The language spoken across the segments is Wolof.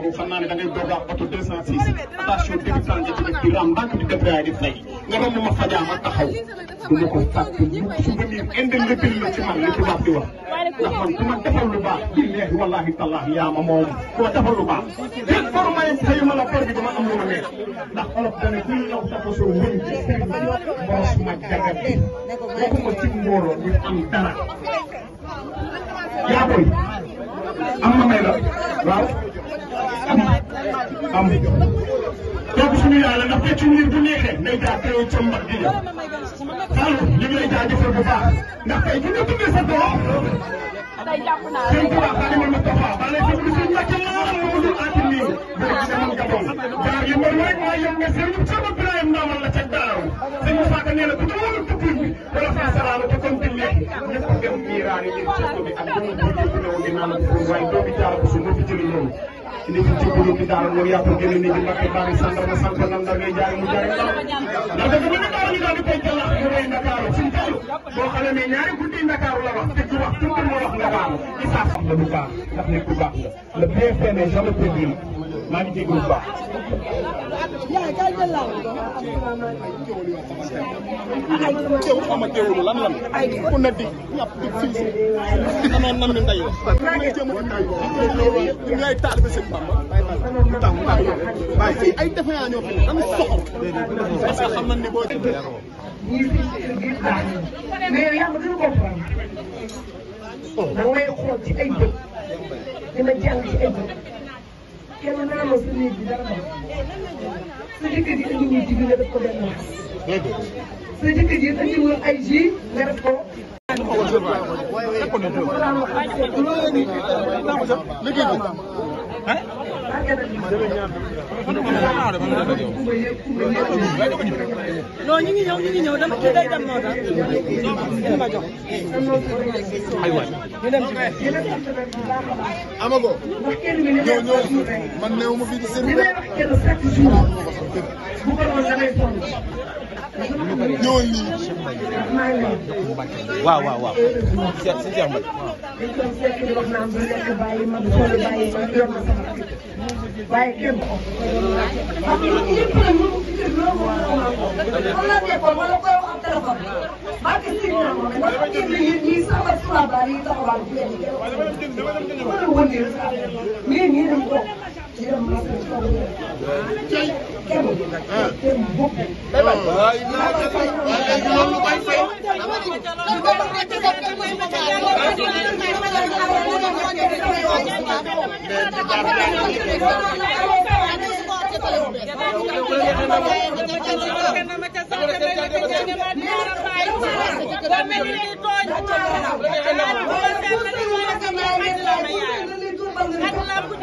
boobu xam naa ne da ngay doog a oto 206 attention débutant nga ci def di ram ndànk di def raay di fay nga doon mu ma fajaama taxaw du ma ko fàtte mukk souvenir indélébile la ci man li tubaab di wax ndax man ku ma defal lu baax billaahi wallaahi tallaahi yaa ma moom ku ma defal lu baax lépp for may xëy ma la for bi dama am lu ma neex ndax olof dana kuy ñëw tafa soo wëñ ci sëriñ bi moros ma jagat bi waxuma ci mbooloo ñu am dara yaa koy am ma may la waaw am am kooku suñu yaay la ndax fecc mbir bu neexee day jaar teew ca mbax di ñëw Fallou ñu ngi lay jaajëfal bu baax ndax tey bu ñu tuddee sa doom seen tubaab xaali ma Moustapha ba lay fekk di suñu wàcce la am mu dul ati nii bu rek ci man gaboon jaar yi mbar rek waaye yow nga seen ñu sama Ibrahima ndaamal la ca daaru sëñ Moussa Ka nee na bu ñëpp dem biiraani ngir ceeb bi ak jamono bi ñu ne woon dinaa la ko waaye doomi jaara ko su ma fi jëlee loolu. ni ci jublu bi daal loolu yàpp ngeen ni ci Mbàkke bari sànq ma sànq nan la ngay jaay mu jaay ndax dafa mën a daal ñu daal di koy jëlaat mu rey Ndakaaru suñu taalu boo xale ne ñaari guddi Ndakaaru la wax te du wax tudd moo wax Ndakaaru isaaf la bu baax ndax nit ku baax la le bien fait n'est jamais perdu maa ngi jégalu bu baax. teewul xam nga teewul lan lan ku ne di ñàpp di fii si xanaa nan ñu ndey wax. ñu ngay taal ba sëñ Bamba lu tax mu tax waaye fii ay defe yaa ñoo fi ne dañu soxor parce que xam nañ ne boo. mais yàlla gën a comprendre. da ngay xool ci ay bët dina jàng ci ay bët. kenn naanoo sa néeg bi dara doon sa jëkkër ji indiwul ji bi nga def ko benn wax sa jëkkër ji indiwul ay ji nga def ko. waaw waaw waaw non ñu ngi ñëw ñu ngi ñëw dama kii day dem moo tax dina ma jox aywa ñu dem amago ñëw ñëw man néew ma fii di seen ñëwal nii waaw waaw waaw seet si seet ma waaw dem màggal ci kaw weer tey kenn kenn bokk Thank you.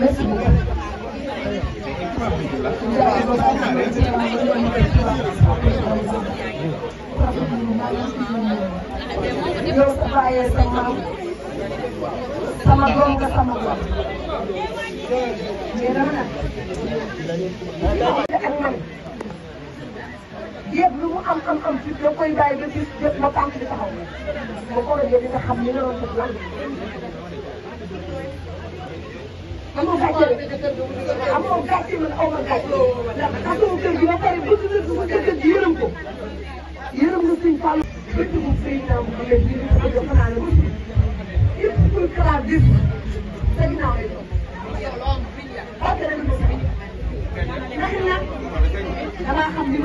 Merci beaucoup. yow ku bàyyee sama sama doom nga sama doom. mais dama naan. ak man yéen lu mu am am am ci da koy bàyyi ba gis ba tànk di taxaw ba ko rajo di nga xam ni nga doon def lan amoo gàcce xam ni ma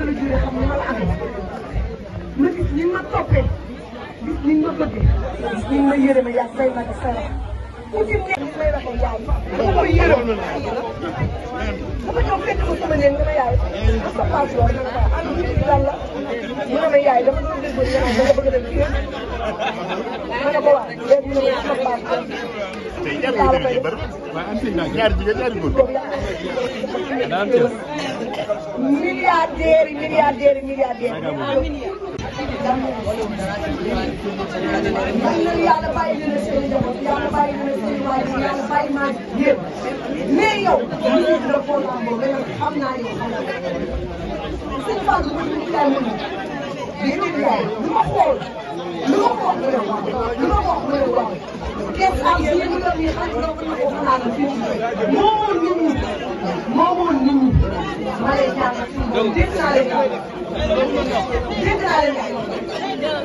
la juree xam ni ma la amee ma ni ma toppee gis ni ma bëggee gis ni ma yërëma yàgg say ma ak sa ku ci nekk li may waxee yaay dama koy yërëm dafa ñëw fekk ma sama néeg dama yaay ak sa passe loolu dama ko am ci lan la mu ne ma yaay dama doon déglu ñu naan dama bëgg a dem fii ma ne ko waa léegi mu ne ma sama passe tey ñaar yooyu dana ci bari waaye am ci ñaar jigéen ñaar góor milliardaire yi milliardaire yi milliardaire yi yàlla bàyyi leen a seen njaboot yàlla bàyyi leen a seen waajur yàlla bàyyi maa yéen mais yow ñu ngi dina programme boobu yow xam naa yow xam naa seen fan bu ñu ngi daal ñu déedéet yaay lu ma xool lu ma xool lu yow wax lu ma wax lu yow wax kenn xam yéen ñu doon yi xam nga ko naa la fii moomoon nit ñi moomoon nit ñi ma lay ñaan dégg naa leen dégg naa leen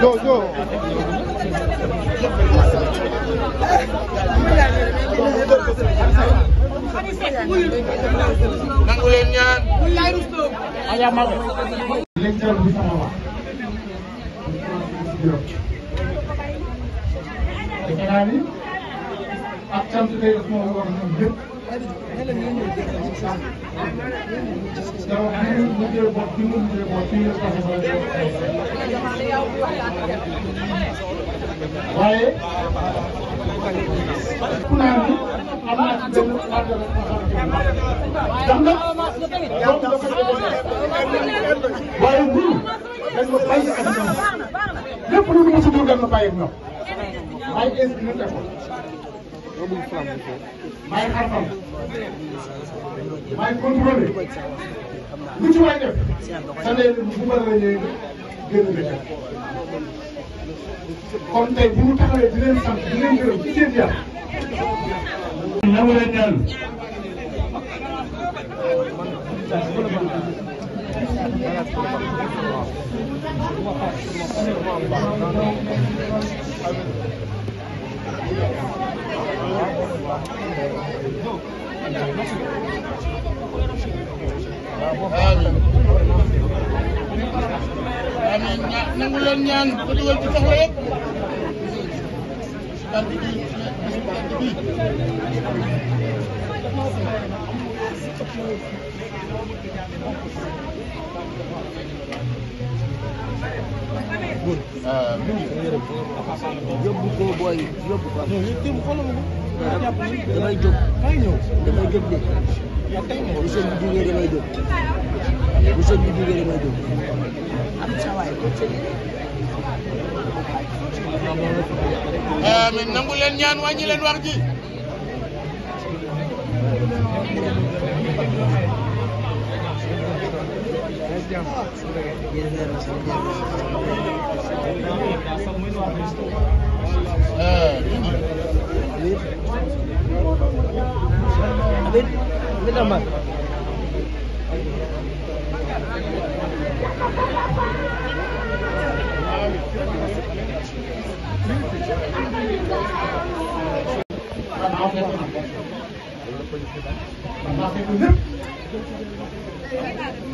Go, go. nangu leen ñaan. lecteur bi sama wax. defe naa ni ak cant tey daf moo war ñoom ñëpp. donc bii mu jël bopp bi mu jël bopp bi nga waaye. waaye ñun dañ ma bàyyi ak ñoom lépp lu mu si dund dañ ma bàyyi ak ñoom waaye kees bi nañ ko. maay xarfal maay contrôlé lu ci waay def sa ne bu ma la ñëwee génn na kon tey bu mu taxawee di leen sant di leen gërëm ci seen yàlla nangu leen dellu nangu leen ñaan ko dugal ci soxla yëpp yóbbu ko booy yóbbu ko. non yéen tamit xoolal ma ko. damay jóg. damay ñëw damay jóg de. bu sëñ bi duggee damay jóg. bu sëñ bi duggee damay jóg. am sa waay. amiin nangu leen ñaan wàññi leen wax ji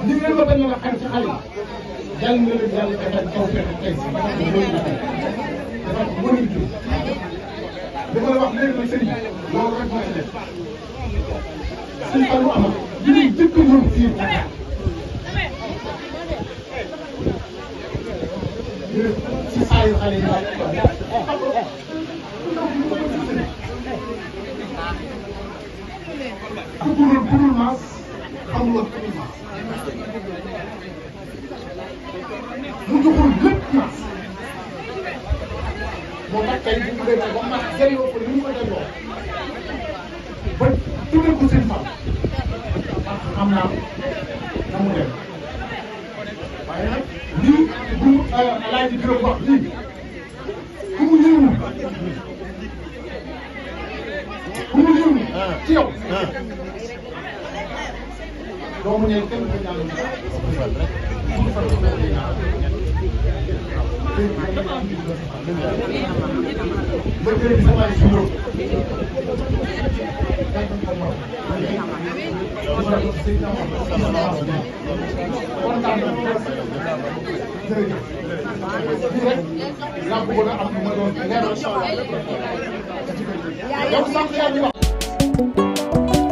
li ngeen ko bañ a naqari ci xale yi yal na leen yàlla defal taw fexe tey si dafa mën dafa la wax léegi nag sëriñ loolu rek moo ci def suñ fan bu amal li ñuy jëkk ñëw fii Dakar ci saayu xale yi ku burul burul maas xamuloon burul maas mu joxul lépp maas moo tax tey bu mu demee ba maas jëloo ko ni mu ko delloo ba tuddee ko seen fan xam naa na mu dem waaye nag lii bu Alaaji Birame wax lii ku mu yëngu ku mu yëngu ci yow doomu neen kenn ku ñaan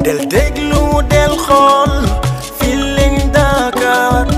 del déglu del xool Feeling Dakar